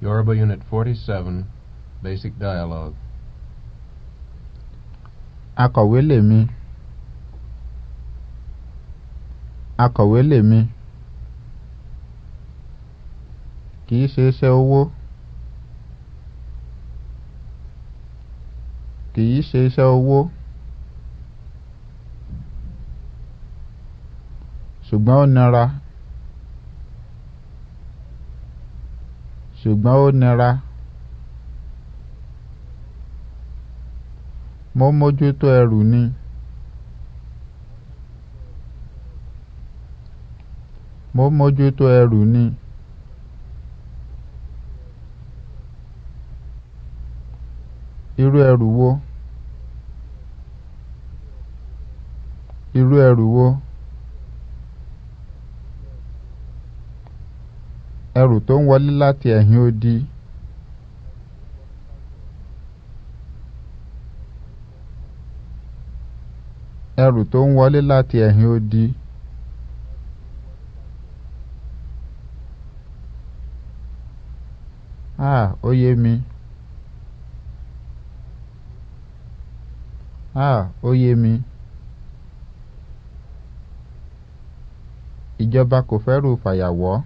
Yoruba Unit 47, Basic Dialogue. Akọ̀wé lèmi. Akọ̀wé lèmi. Kì í ṣe iṣẹ́ owó. Kì í ṣe iṣẹ́ owó. Ṣùgbọ́n ó nira. ṣùgbọ́n ó nira mo mójútó ẹrù ni mo mójútó ẹrù ni irú ẹrù wo irú ẹrù wo. ẹrù tó ń wọlé láti ẹ̀yìn odi ẹrù tó ń wọlé láti ẹ̀yìn odi ah ó yé mi ah ó yé mi ìjọba kò fẹ́ rú fàyàwọ́.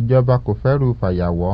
ìjọba kò fẹ́rù fàyàwọ́